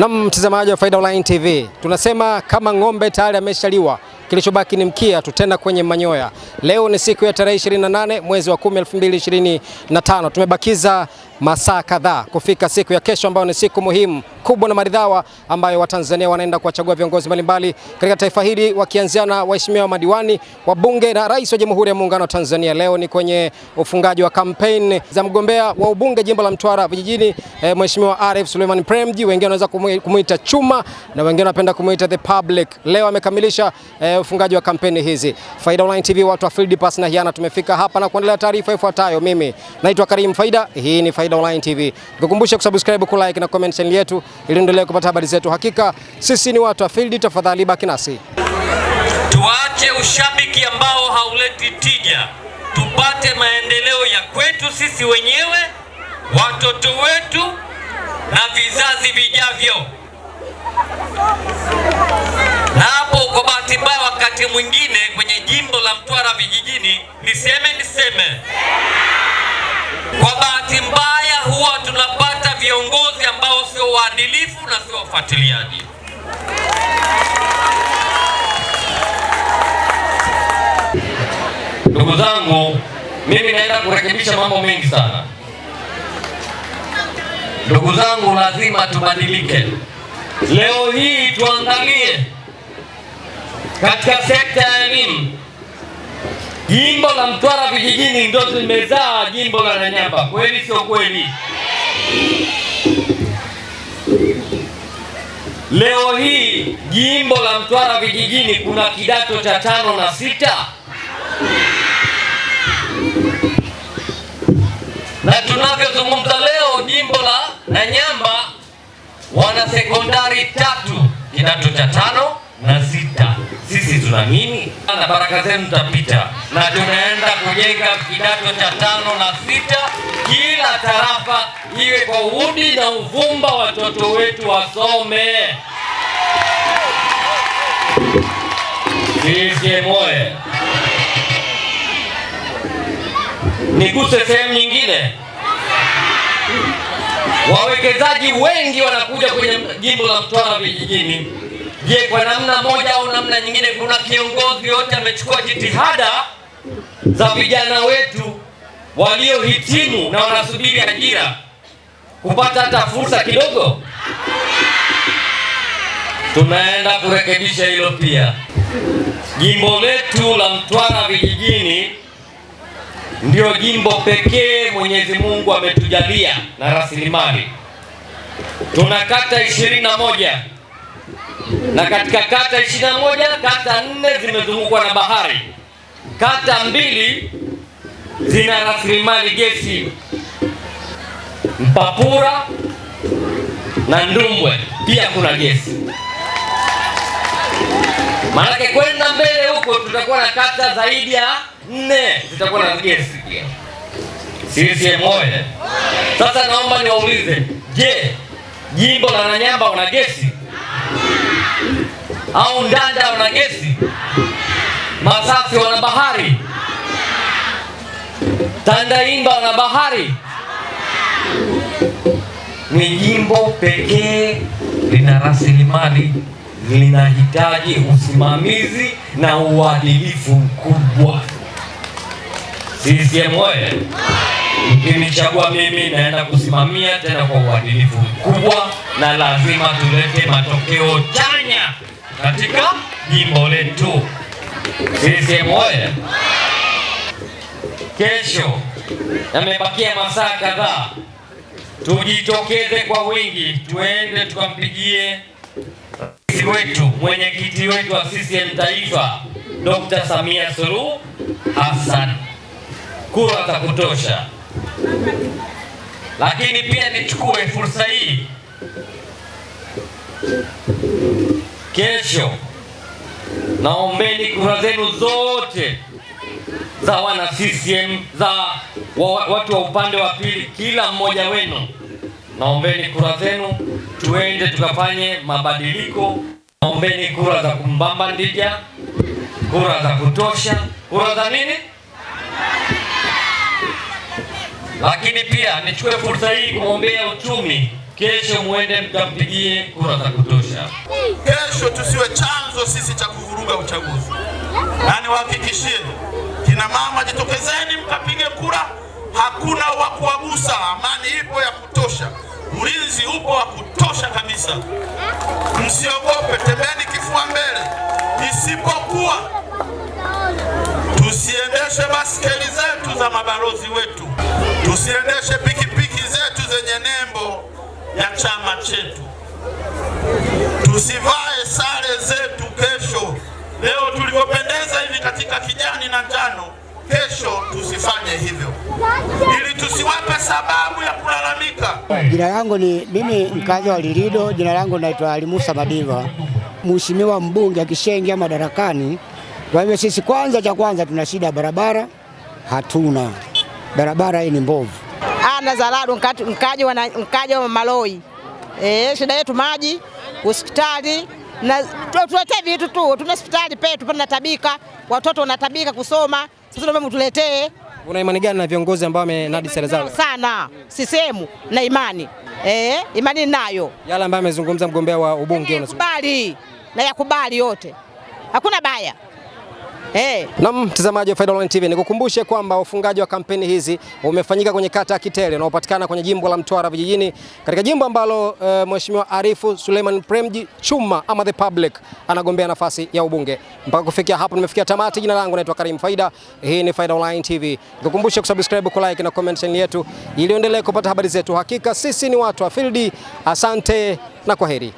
Na mtazamaji wa Faida Online TV, tunasema kama ng'ombe tayari ameshaliwa, kilichobaki ni mkia tu tena kwenye manyoya. Leo ni siku ya tarehe 28 mwezi wa 10 2025, tumebakiza masaa kadhaa kufika siku ya kesho ambayo ni siku muhimu kubwa na maridhawa ambayo Watanzania wanaenda kuwachagua viongozi mbalimbali katika taifa hili wakianzia na waheshimiwa madiwani, wa bunge na rais wa Jamhuri ya Muungano wa Tanzania. Leo ni kwenye ufungaji wa kampeni za mgombea wa ubunge jimbo la Mtwara Vijijini, eh, Mheshimiwa Arif Suleiman Premji, wengine wanaweza kumuita Chuma na wengine wanapenda kumuita the public. Leo amekamilisha eh, ufungaji wa kampeni hizi. Faida Online TV, watu wa Field Pass na Hiana, tumefika hapa na kuendelea taarifa ifuatayo. Mimi naitwa Karim Faida, hii ni Faida Faida Online TV. Nikukumbushe kusubscribe, ku like na comment channel yetu ili endelee kupata habari zetu. Hakika sisi ni watu wa field, tafadhali baki nasi. Tuache ushabiki ambao hauleti tija, tupate maendeleo ya kwetu sisi wenyewe, watoto wetu na vizazi vijavyo. Na hapo kwa bahati mbaya, wakati mwingine kwenye jimbo la Mtwara vijijini, niseme niseme kwa huwa tunapata viongozi ambao sio waadilifu na sio wafuatiliaji. Ndugu zangu, mimi naenda kurekebisha mambo mengi sana. Ndugu zangu, lazima tubadilike. Leo hii tuangalie katika sekta ya elimu, jimbo la Mtwara vijijini ndio limezaa jimbo la Nanyamba. Kweli sio kweli? Leo hii jimbo la Mtwara vijijini kuna kidato cha tano na sita, na tunavyozungumza leo jimbo la Nanyamba wana sekondari tatu, kidato cha tano na sita. Sisi tunaamini na baraka zenu tapita na tunaenda kujenga kidato cha tano na sita, kila tarafa iwe kwa Udi na Uvumba, watoto wetu wasome. Sisi moye niguse sehemu nyingine. Wawekezaji wengi wanakuja kwenye jimbo la Mtwara vijijini Je, kwa namna moja au namna nyingine kuna kiongozi yote amechukua jitihada za vijana wetu waliohitimu na wanasubiri ajira kupata hata fursa kidogo? Tunaenda kurekebisha hilo pia. Jimbo letu la Mtwara vijijini ndio jimbo pekee Mwenyezi Mungu ametujalia na rasilimali. Tuna kata ishirini na moja na katika kata 21 kata nne zimezungukwa na bahari, kata mbili zina rasilimali gesi Mpapura na Ndumbwe pia kuna gesi. Maanake kwenda mbele huko tutakuwa na kata zaidi ya nne zitakuwa na gesi pia. CCM oye! Sasa naomba niwaulize, je, jimbo la Nanyamba una gesi? au Ndanda wana gesi, Masafi wana bahari, Tandaimba wana bahari. Ni jimbo pekee lina rasilimali linahitaji usimamizi na uadilifu mkubwa. CCM oye! Mkinichagua mimi, naenda kusimamia tena kwa uadilifu mkubwa, na lazima tulete matokeo chanya katika jimbo letu CCM oye! Kesho yamebakia masaa kadhaa, tujitokeze kwa wingi, tuende tukampigie rais wetu, mwenyekiti wetu wa CCM Taifa, Dr. Samia Suluhu Hassan kura za kutosha. Lakini pia nichukue fursa hii kesho naombeni kura zenu zote za wana CCM za wa, watu wa upande wa pili, kila mmoja wenu naombeni kura zenu, tuende tukafanye mabadiliko. Naombeni kura za kumbamba Ndija, kura za kutosha, kura za nini. Lakini pia nichukue fursa hii kumwombea uchumi Kesho muende mkampigie kura za kutosha. Kesho tusiwe chanzo sisi cha kuvuruga uchaguzi, na niwahakikishie kina mama, jitokezeni mkapige kura. Hakuna wa kuwagusa, amani ipo ya kutosha, ulinzi upo wa kutosha kabisa. Msiogope, tembeni kifua mbele, isipokuwa tusiendeshe baskeli zetu za mabalozi wetu, tusiendeshe piki ya chama chetu. Tusivae sare zetu kesho. Leo tulivyopendeza hivi katika kijani na njano, kesho tusifanye hivyo, ili tusiwape sababu ya kulalamika. Jina langu ni mimi, mkazi wa Lilido. Jina langu naitwa Alimusa Madiva. Mheshimiwa mbunge akishaingia madarakani, kwa hivyo sisi kwanza, cha kwanza tuna shida ya barabara, hatuna barabara. Hii ni mbovu sana za Lado mkaja maloi. Eh, shida yetu maji, hospitali na tuletee vitu tu, tuna hospitali petu pana tabika, watoto wanatabika kusoma, sasa naomba tuletee. Una imani gani na viongozi ambao wamenadi sera zao? Sana sisemu na imani Eh, imani nayo yale ambayo amezungumza mgombea wa ubunge, unazungumza na yakubali yote, hakuna baya. Hey. Na mtazamaji wa Faida Online TV, nikukumbushe kwamba ufungaji wa kampeni hizi umefanyika kwenye kata ya Kitele unaopatikana kwenye jimbo la Mtwara vijijini, katika jimbo ambalo uh, Mheshimiwa Arifu Suleiman Premji Chuma ama the public anagombea nafasi ya ubunge. Mpaka kufikia hapo nimefikia tamati. Jina langu naitwa Karim Faida, hii ni Faida Online TV. Nikukumbushe kusubscribe, kulike na comment channel yetu ili uendelee kupata habari zetu. Hakika sisi ni watu wa field. Asante na kwaheri.